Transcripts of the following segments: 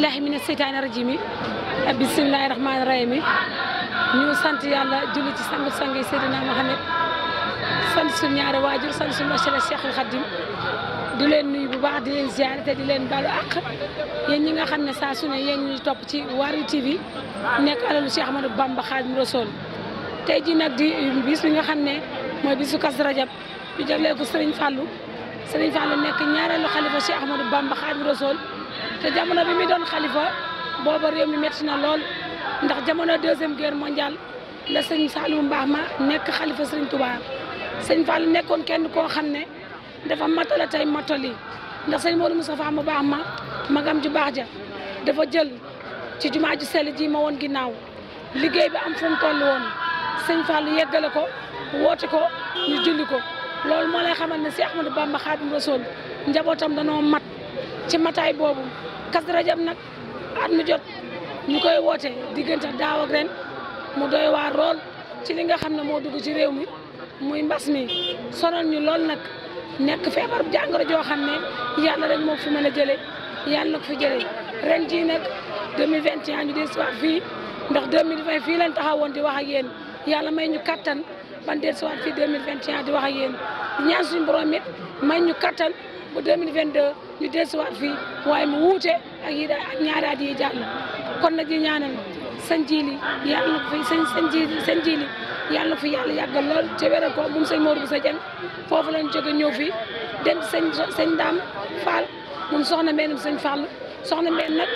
billahi mina seytaani rajimi bismillahi rahmaani rahimi ñu sant yàlla julli ci sangu sang yi Seydina Mohamed sant suñu ñaari waajur sant suñu machara Cheikhul Khadim di leen nuyu bu baax di leen ziare te di leen balu àq yéen nga xam ne saa su ne yéen ñu topp ci Waarwi TV nekk alalu Cheikh Ahmadou Bamba Xaadimu Rasuul tey jii nag di bis bi nga xam ne mooy bisu Kazu Rajab ñu jagleel ko Serigne Fallou Serigne Fallou nekk ñaareelu xalifa Cheikh Ahmadou Bamba Xaadimu Rasuul te jamono bi muy doon xalifa boo réew mi métti na lool ndax jamono deuxième guerre mondiale la sëñ Saliou Mbaax ma nekk xalifa sëñ Touba sëñ Fall nekkoon kenn koo xam ne dafa matala tey matali ndax sëñ Modou Moustapha mu baax ma magam ju ja dafa jël ci jumaa ju sell ji ma woon ginnaaw liggéey bi am fu mu toll woon sëñ Fallou yeggale ko woote ko ñu julli ko loolu moo lay xamal ne si Ahmadou Bamba Khadim Rassoul njabootam danoo mat ci mataay boobu Kazu Rajab nag at mu jot ñu koy woote diggante daaw ren mu doy waar lool ci li nga xam ne moo dugg ci réew mi muy mbas mi sonal ñu lool nag nekk feebar jàngoro joo xam ne yàlla rek moo fi mën a jëlee yàlla na ko fi jëlee ren jii nag 2021 ñu dellusiwaat fii ndax 2020 fii lañ taxawoon di wax a yéen yàlla may ñu kattan ban dellusiwaat fii 2021 di wax a yéen ñaan suñu borom may ñu kattan. bu 2022 ñu desuwaat fii waaye mu wuute ak yi ak ñaaraat yi jàll kon nag ñu ñaanal sëñ Jili yàlla na ko fi sëñ sëñ Jili sëñ yàlla na ko fi yàlla yàggal lool te wéral ko moom sëñ Modou Bousso Dieng foofu lañ jóge ñëw fii dem sëñ sëñ Dame Fall moom soxna meenam sëñ Fall soxna meen nag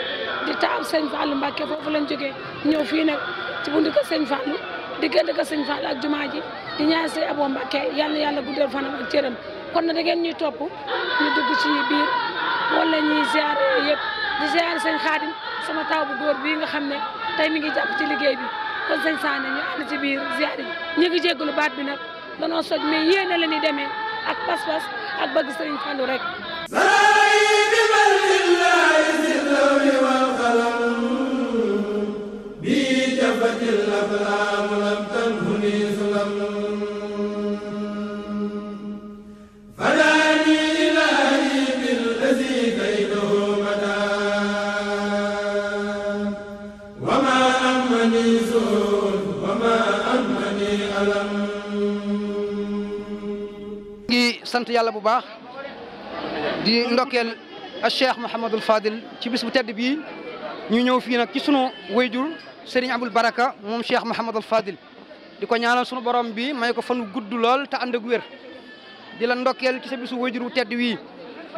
di taaw sëñ Fall Mbàkke foofu lañ jógee ñëw fii nag ci buntu ko sëñ di diggante ko sëñ Fall ak jumaa ji di ñaan sëñ Abo Mbàkke yàlla yàlla guddal fanam ak cëram kon na da ngeen ñuy topp ñu dugg ci biir wala ñuy ziar yëpp di ziar sëñ xaadim sama taw bu góor bii nga xam ne tey mi ngi jàpp ci liggéey bi kon sëñ ñu ànd ci biir ziar yi ñu ngi jéggalu baat bi nag danoo soj mais yéene la demee ak pas-pas ak bëgg sëriñ Fallou rek bii sant yàlla bu baax di ndokkeel ak Cheikh Mouhamadul Fadil ci bis bu tedd bii ñu ñëw fii nag ci sunu wayjur Serigne Abul Baraka moom Cheikh Mouhamadul Fadil di ko ñaanal sunu borom bi may ko fanu gudd lool te ànd ak wér di la ndokkeel ci sa bisu wayjur wu tedd wii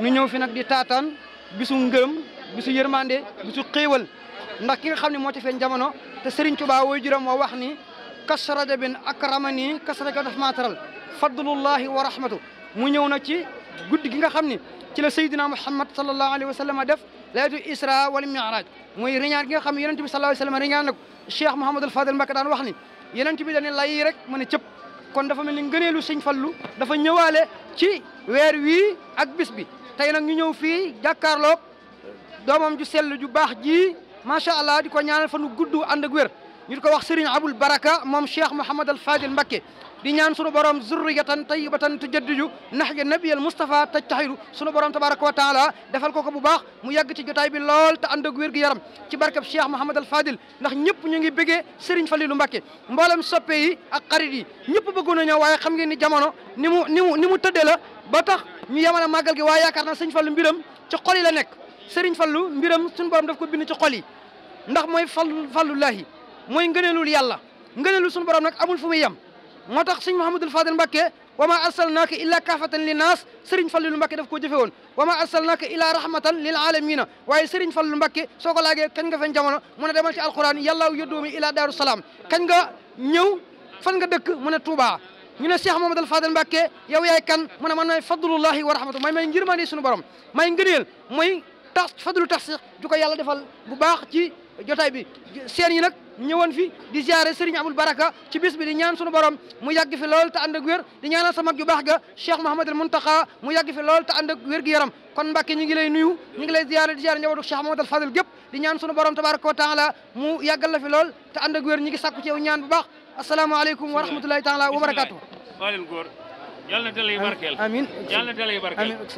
ñu ñëw fi nag di taatan bisu ngërëm bisu yërmande bisu xéewal ndax ki nga xam ne moo ci feeñ jamono te Serigne Touba wayjuram moo wax ni kasrajabin akramani kasraja daf maa taral fadlullahi wa rahmatu mu ñëw na ci guddi gi nga xam ni ci la sayyidina Muhammad sallallahu alayhi wa sallam def laylatul isra wal mi'raj muy riñaan gi nga xam ne yonent bi sallallahu alayhi wa sallam riñaan na ko Cheikh Mouhamadul Fadel Mbacké daan wax ni yonent bi dañu lay rek mu ne cëpp kon dafa mel ni ngëneelu sëñ Fallu dafa ñëwaale ci weer wii ak bis bi tey nag ñu ñëw fii jàkkaarloog doomam ju sell ju baax ji macha allah di ko ñaanal fan wu gudd ànd ak ñu di ko wax Serigne Abul Baraka moom Cheikh Mouhamadul Fadel Mbacké di ñaan sunu borom zurriyatan tayyibatan tujaddidu nahja nabiyal Mustafa tajtahidu sunu borom tabaraka wa taala defal ko ko bu baax mu yàgg ci jotaay bi lool te ànd ak wér gu yaram ci barkab Cheikh Mouhamad al Fadil ndax ñëpp ñu ngi bëggee Serigne Falilou Mbacké mboolem soppe yi ak xarit yi ñëpp bëggoon na waaye xam ngeen ni jamono ni mu ni ni mu tëddee la ba tax ñu yemale màggal gi waaye yaakaar naa Serigne fallu mbiram ci xol la nekk Serigne Fallou mbiram suñu borom daf ko bind ci xol yi ndax mooy fallu fallullahi mooy ngëneelul yàlla ngëneelul suñu borom nag amul fu muy yem moo tax sëñ Mouhamadul Fadel Mbakke wa ma arsalnaaka illa kaafatan li naas Serigne Fallilu Mbakke daf koo jëfe woon wa ma arsalnaaka illa rahmatan lil alamina waaye Serigne Fallilu Mbakke soo ko laajee kañ ga fen jamono mu ne demal ci alquran yàllaaw yóddoomi ila daaru salaam kañ nga ñëw fan nga dëkk mu ne Touba ñu ne Cheikh Mouhamadul Fadel Mbakke yow yaay kan mu ne man may fadlullahi wa rahmatu may may ngirmaande suñu borom may ngëneel mooy tax fadlu tax ju ko yàlla defal bu baax ci jotaay bi seen yi nag ñëwoon fi di ziare Serigne Abul Baraka ci bis bi di ñaan sunu borom mu yàgg fi lool te ànd ak wér di ñaanal sama mag ju baax ga Cheikh Mouhamadul Muntaxa mu yàgg fi lool te ànd ak gi yaram kon Mbàkke ñu ngi lay nuyu ñu ngi lay ziare di ziare njabootu Cheikh Mouhamadul di ñaan sunu borom tabaraka wa taala mu yàggal la fi lool te ànd ak wér ñu ngi sàkku ci yow ñaan bu baax asalaamaaleykum wa rahmatulahi taala wa barakaatu Yàlla na dalay barkeel amiin yàlla na dalay barkeel